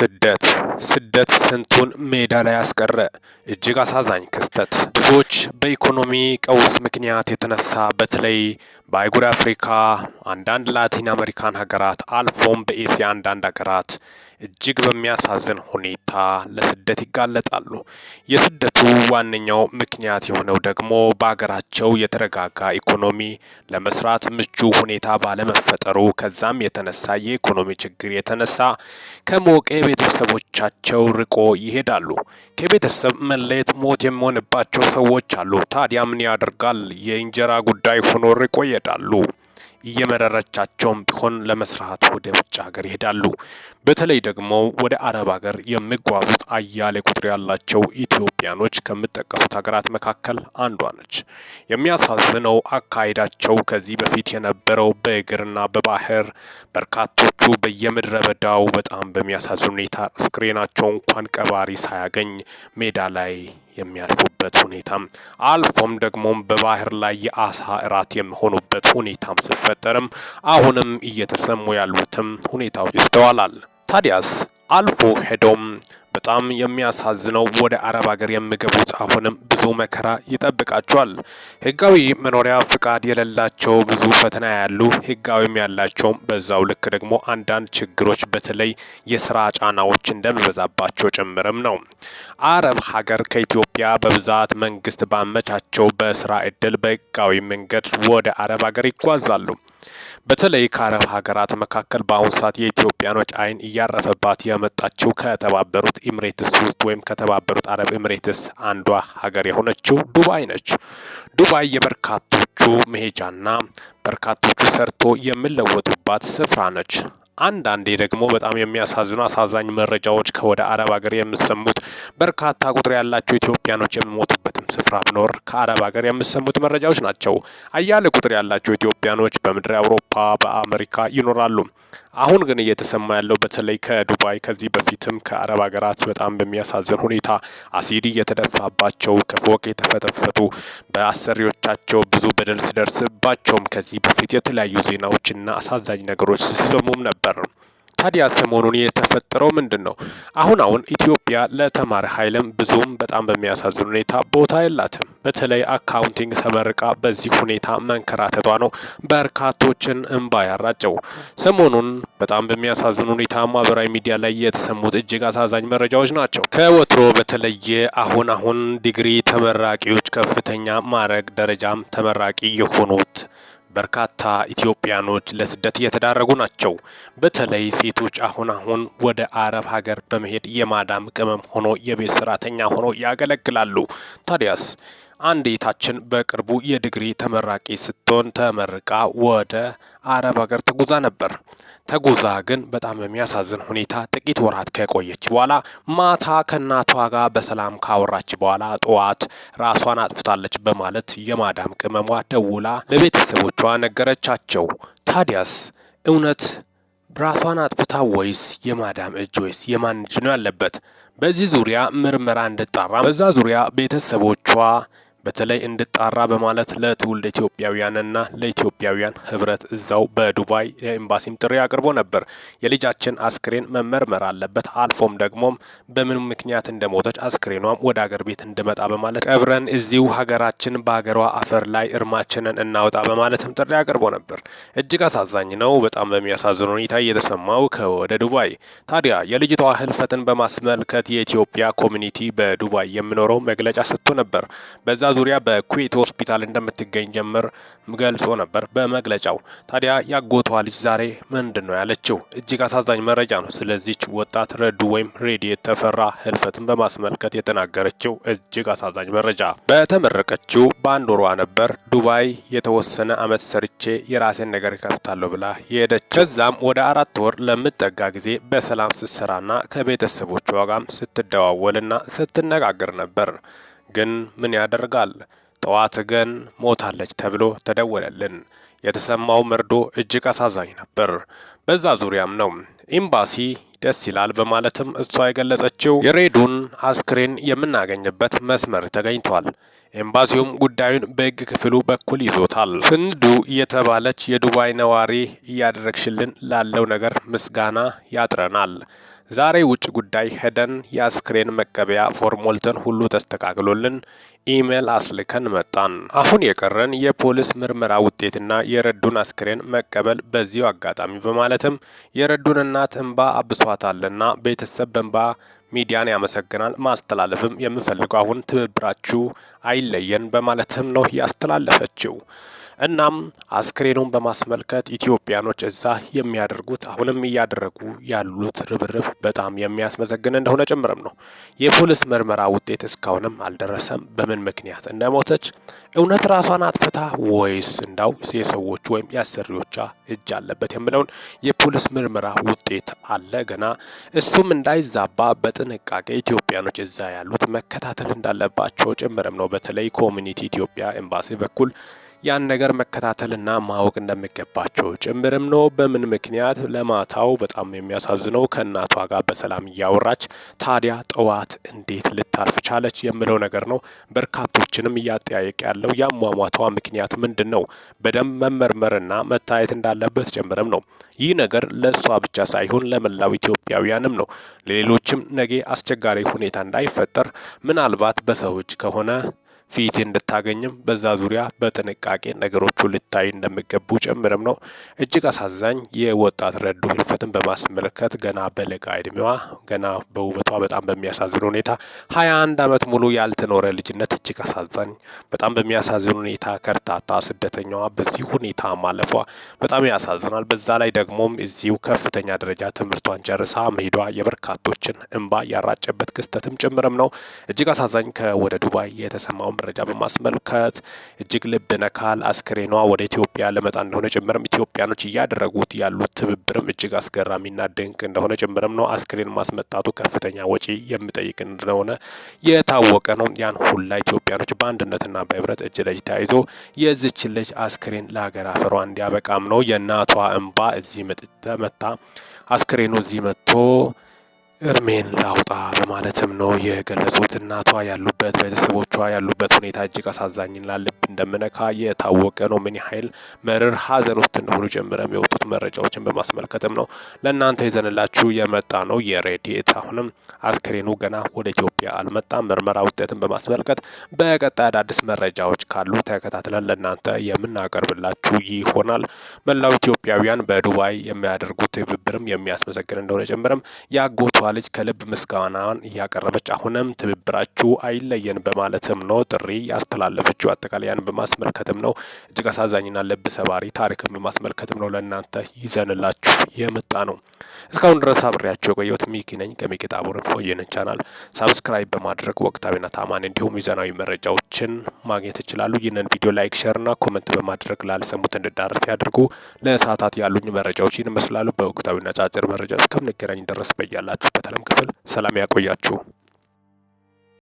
ስደት ስደት ስንቱን ሜዳ ላይ አስቀረ። እጅግ አሳዛኝ ክስተት። ብዙዎች በኢኮኖሚ ቀውስ ምክንያት የተነሳ በተለይ በአህጉረ አፍሪካ፣ አንዳንድ ላቲን አሜሪካን ሀገራት አልፎም በኤስያ አንዳንድ ሀገራት እጅግ በሚያሳዝን ሁኔታ ለስደት ይጋለጣሉ። የስደቱ ዋነኛው ምክንያት የሆነው ደግሞ በሀገራቸው የተረጋጋ ኢኮኖሚ ለመስራት ምቹ ሁኔታ ባለመፈጠሩ ከዛም የተነሳ የኢኮኖሚ ችግር የተነሳ ከሞቀ ቤተሰቦቻቸው ርቆ ይሄዳሉ። ከቤተሰብ መለየት ሞት የሚሆንባቸው ሰዎች አሉ። ታዲያ ምን ያደርጋል? የእንጀራ ጉዳይ ሆኖ ርቆ ይሄዳሉ። እየመረረቻቸውም ቢሆን ለመስራት ወደ ውጭ ሀገር ይሄዳሉ። በተለይ ደግሞ ወደ አረብ ሀገር የሚጓዙት አያሌ ቁጥር ያላቸው ኢትዮጵያኖች ከሚጠቀሱት ሀገራት መካከል አንዷ ነች። የሚያሳዝነው አካሄዳቸው ከዚህ በፊት የነበረው በእግርና በባህር በርካቶቹ በየምድረ በዳው በጣም በሚያሳዝን ሁኔታ አስክሬናቸው እንኳን ቀባሪ ሳያገኝ ሜዳ ላይ የሚያልፉበት ሁኔታም አልፎም ደግሞም በባህር ላይ የአሳ እራት የሚሆኑበት ሁኔታም ሲፈጠርም አሁንም እየተሰሙ ያሉትም ሁኔታዎች ይስተዋላል። ታዲያስ አልፎ ሄዶም በጣም የሚያሳዝነው ወደ አረብ ሀገር የሚገቡት አሁንም ብዙ መከራ ይጠብቃቸዋል። ህጋዊ መኖሪያ ፍቃድ የሌላቸው ብዙ ፈተና ያሉ፣ ህጋዊም ያላቸውም በዛው ልክ ደግሞ አንዳንድ ችግሮች በተለይ የስራ ጫናዎች እንደሚበዛባቸው ጭምርም ነው። አረብ ሀገር ከኢትዮጵያ በብዛት መንግስት ባመቻቸው በስራ እድል በህጋዊ መንገድ ወደ አረብ ሀገር ይጓዛሉ። በተለይ ከአረብ ሀገራት መካከል በአሁኑ ሰዓት የኢትዮጵያኖች አይን እያረፈባት የመጣችው ከተባበሩት ኤምሬትስ ውስጥ ወይም ከተባበሩት አረብ ኤምሬትስ አንዷ ሀገር የሆነችው ዱባይ ነች። ዱባይ የበርካቶቹ መሄጃና በርካቶቹ ሰርቶ የሚለወጡባት ስፍራ ነች። አንዳንዴ ደግሞ በጣም የሚያሳዝኑ አሳዛኝ መረጃዎች ከወደ አረብ ሀገር የምሰሙት በርካታ ቁጥር ያላቸው ኢትዮጵያኖች የሚሞቱበትም ስፍራ ብኖር ከአረብ ሀገር የምሰሙት መረጃዎች ናቸው። አያሌ ቁጥር ያላቸው ኢትዮጵያኖች በምድር አውሮፓ፣ በአሜሪካ ይኖራሉ። አሁን ግን እየተሰማ ያለው በተለይ ከዱባይ ከዚህ በፊትም ከአረብ ሀገራት በጣም በሚያሳዝን ሁኔታ አሲድ እየተደፋባቸው ከፎቅ የተፈተፈቱ በአሰሪዎቻቸው ብዙ በደል ሲደርስባቸውም ከዚህ በፊት የተለያዩ ዜናዎችና አሳዛኝ ነገሮች ሲሰሙም ነበር። ታዲያ ሰሞኑን የተፈጠረው ምንድን ነው? አሁን አሁን ኢትዮጵያ ለተማሪ ኃይልም ብዙም በጣም በሚያሳዝን ሁኔታ ቦታ የላትም። በተለይ አካውንቲንግ ተመርቃ በዚህ ሁኔታ መንከራተቷ ነው በርካቶችን እንባ ያራጨው። ሰሞኑን በጣም በሚያሳዝን ሁኔታ ማህበራዊ ሚዲያ ላይ የተሰሙት እጅግ አሳዛኝ መረጃዎች ናቸው። ከወትሮ በተለየ አሁን አሁን ዲግሪ ተመራቂዎች ከፍተኛ ማዕረግ ደረጃም ተመራቂ የሆኑት በርካታ ኢትዮጵያኖች ለስደት እየተዳረጉ ናቸው። በተለይ ሴቶች አሁን አሁን ወደ አረብ ሀገር በመሄድ የማዳም ቅመም ሆኖ የቤት ሰራተኛ ሆኖ ያገለግላሉ። ታዲያስ አንድ በቅርቡ የዲግሪ ተመራቂ ስትሆን ተመርቃ ወደ አረብ ሀገር ተጉዛ ነበር። ተጉዛ ግን በጣም በሚያሳዝን ሁኔታ ጥቂት ወራት ከቆየች በኋላ ማታ ከእናቷ ጋር በሰላም ካወራች በኋላ ጠዋት ራሷን አጥፍታለች በማለት የማዳም ቅመሟ ደውላ ለቤተሰቦቿ ነገረቻቸው። ታዲያስ እውነት ራሷን አጥፍታ ወይስ የማዳም እጅ ወይስ የማን እጅ ነው ያለበት? በዚህ ዙሪያ ምርመራ እንድጣራ በዛ ዙሪያ ቤተሰቦቿ በተለይ እንድጣራ በማለት ለትውልድ ኢትዮጵያውያንና ለኢትዮጵያውያን ህብረት እዛው በዱባይ ኤምባሲም ጥሪ አቅርቦ ነበር። የልጃችን አስክሬን መመርመር አለበት፣ አልፎም ደግሞም በምን ምክንያት እንደሞተች አስክሬኗም ወደ ሀገር ቤት እንድመጣ በማለት ቀብረን እዚሁ ሀገራችን በሀገሯ አፈር ላይ እርማችንን እናወጣ በማለትም ጥሪ አቅርቦ ነበር። እጅግ አሳዛኝ ነው። በጣም በሚያሳዝን ሁኔታ እየተሰማው ከወደ ዱባይ ታዲያ የልጅቷ ህልፈትን በማስመልከት የኢትዮጵያ ኮሚኒቲ በዱባይ የሚኖረው መግለጫ ሰጥቶ ነበር። በዛ ዙሪያ በኩዌት ሆስፒታል እንደምትገኝ ጀምር ገልጾ ነበር በመግለጫው። ታዲያ ያጎቷ ልጅ ዛሬ ምንድን ነው ያለችው? እጅግ አሳዛኝ መረጃ ነው። ስለዚች ወጣት ረዱ ወይም ሬዲ ተፈራ ህልፈትን በማስመልከት የተናገረችው እጅግ አሳዛኝ መረጃ። በተመረቀችው በአንድ ወሯ ነበር ዱባይ የተወሰነ አመት ሰርቼ የራሴን ነገር ከፍታለሁ ብላ የሄደችው። ከዛም ወደ አራት ወር ለምጠጋ ጊዜ በሰላም ስትሰራና ከቤተሰቦቿ ጋም ስትደዋወልና ስትነጋገር ነበር። ግን ምን ያደርጋል፣ ጠዋት ግን ሞታለች ተብሎ ተደወለልን። የተሰማው መርዶ እጅግ አሳዛኝ ነበር። በዛ ዙሪያም ነው ኤምባሲ ደስ ይላል በማለትም እሷ የገለጸችው የሬዱን አስክሬን የምናገኝበት መስመር ተገኝቷል። ኤምባሲውም ጉዳዩን በሕግ ክፍሉ በኩል ይዞታል። ስንዱ እየተባለች የዱባይ ነዋሪ እያደረግሽልን ላለው ነገር ምስጋና ያጥረናል። ዛሬ ውጭ ጉዳይ ሄደን የአስክሬን መቀበያ ፎርም ሞልተን ሁሉ ተስተካክሎልን ኢሜል አስልከን መጣን። አሁን የቀረን የፖሊስ ምርመራ ውጤትና የረዱን አስክሬን መቀበል በዚሁ አጋጣሚ በማለትም የረዱን እናት እንባ አብሷታልና ቤተሰብ በእንባ ሚዲያን ያመሰግናል። ማስተላለፍም የምፈልገው አሁን ትብብራችሁ አይለየን በማለትም ነው ያስተላለፈችው። እናም አስክሬኑን በማስመልከት ኢትዮጵያኖች እዛ የሚያደርጉት አሁንም እያደረጉ ያሉት ርብርብ በጣም የሚያስመዘግን እንደሆነ ጭምርም ነው። የፖሊስ ምርመራ ውጤት እስካሁንም አልደረሰም። በምን ምክንያት እንደሞተች እውነት ራሷን አጥፍታ ወይስ እንዳው የሰዎች ወይም የአሰሪዎቿ እጅ አለበት የሚለውን የፖሊስ ምርመራ ውጤት አለ ገና እሱም እንዳይዛባ በጥንቃቄ ኢትዮጵያኖች እዛ ያሉት መከታተል እንዳለባቸው ጭምርም ነው። በተለይ ኮሚኒቲ ኢትዮጵያ ኤምባሲ በኩል ያን ነገር መከታተልና ማወቅ እንደሚገባቸው ጭምርም ነው። በምን ምክንያት ለማታው በጣም የሚያሳዝነው ከእናቷ ጋር በሰላም እያወራች ታዲያ ጠዋት እንዴት ልታርፍ ቻለች የሚለው ነገር ነው በርካቶችንም እያጠያየቅ ያለው። የአሟሟቷ ምክንያት ምንድን ነው? በደንብ መመርመርና መታየት እንዳለበት ጭምርም ነው። ይህ ነገር ለእሷ ብቻ ሳይሆን ለመላው ኢትዮጵያውያንም ነው። ለሌሎችም ነገ አስቸጋሪ ሁኔታ እንዳይፈጠር ምናልባት በሰው እጅ ከሆነ ፊት እንድታገኝም በዛ ዙሪያ በጥንቃቄ ነገሮቹ ልታይ እንደሚገቡ ጭምርም ነው። እጅግ አሳዛኝ የወጣት ረዱ ህልፈትን በማስመለከት ገና በለጋ እድሜዋ ገና በውበቷ በጣም በሚያሳዝን ሁኔታ ሀያ አንድ አመት ሙሉ ያልተኖረ ልጅነት እጅግ አሳዛኝ፣ በጣም በሚያሳዝን ሁኔታ ከርታታ ስደተኛዋ በዚህ ሁኔታ ማለፏ በጣም ያሳዝናል። በዛ ላይ ደግሞም እዚሁ ከፍተኛ ደረጃ ትምህርቷን ጨርሳ መሄዷ የበርካቶችን እንባ ያራጨበት ክስተትም ጭምርም ነው። እጅግ አሳዛኝ ከወደ ዱባይ የተሰማው መረጃ በማስመልከት እጅግ ልብ ነካል። አስክሬኗ ወደ ኢትዮጵያ ለመጣ እንደሆነ ጭምርም ኢትዮጵያኖች እያደረጉት ያሉት ትብብርም እጅግ አስገራሚና ድንቅ እንደሆነ ጭምርም ነው። አስክሬን ማስመጣቱ ከፍተኛ ወጪ የሚጠይቅ እንደሆነ የታወቀ ነው። ያን ሁላ ኢትዮጵያኖች በአንድነትና በህብረት እጅ ለእጅ ተያይዞ የዚችን ልጅ አስክሬን ለሀገር አፈሯ እንዲያበቃም ነው የእናቷ እንባ እዚህ መጥተ መታ አስክሬኑ እዚህ መጥቶ እርሜን ላውጣ በማለትም ነው የገለጹት። እናቷ ያሉበት ቤተሰቦቿ ያሉበት ሁኔታ እጅግ አሳዛኝና ላለብ እንደምነካ የታወቀ ነው። ምን ያህል መርር ሀዘን ውስጥ እንደሆኑ ጀምረ የሚወጡት መረጃዎችን በማስመልከትም ነው ለእናንተ ይዘንላችሁ የመጣ ነው። የሬዲት አሁንም አስክሬኑ ገና ወደ ኢትዮጵያ አልመጣም። ምርመራ ውጤትን በማስመልከት በቀጣይ አዳዲስ መረጃዎች ካሉ ተከታትለን ለእናንተ የምናቀርብላችሁ ይሆናል። መላው ኢትዮጵያውያን በዱባይ የሚያደርጉት ትብብርም የሚያስመሰግን እንደሆነ ጀምረም ያጎቷ ልጅ ከልብ ምስጋናን እያቀረበች አሁንም ትብብራችሁ አይለየን በማለትም ነው ጥሪ ያስተላለፈችው አጠቃላይ በማስመልከትም ነው እጅግ አሳዛኝና ልብ ሰባሪ ታሪክን በማስመልከትም ነው ለእናንተ ይዘንላችሁ የመጣ ነው። እስካሁን ድረስ አብሬያቸው የቆየሁት ሚኪ ነኝ። ከሚኪታ ቦርን ሆየንን ቻናል ሳብስክራይብ በማድረግ ወቅታዊና ታማኝ እንዲሁም ይዘናዊ መረጃዎችን ማግኘት ይችላሉ። ይህንን ቪዲዮ ላይክ፣ ሼርና ኮመንት በማድረግ ላልሰሙት እንድዳረስ ያድርጉ። ለሰዓታት ያሉኝ መረጃዎች ይህን ይመስላሉ። በወቅታዊና ጫጭር መረጃ እስከምንገናኝ ድረስ በያላችሁ በተለም ክፍል ሰላም ያቆያችሁ።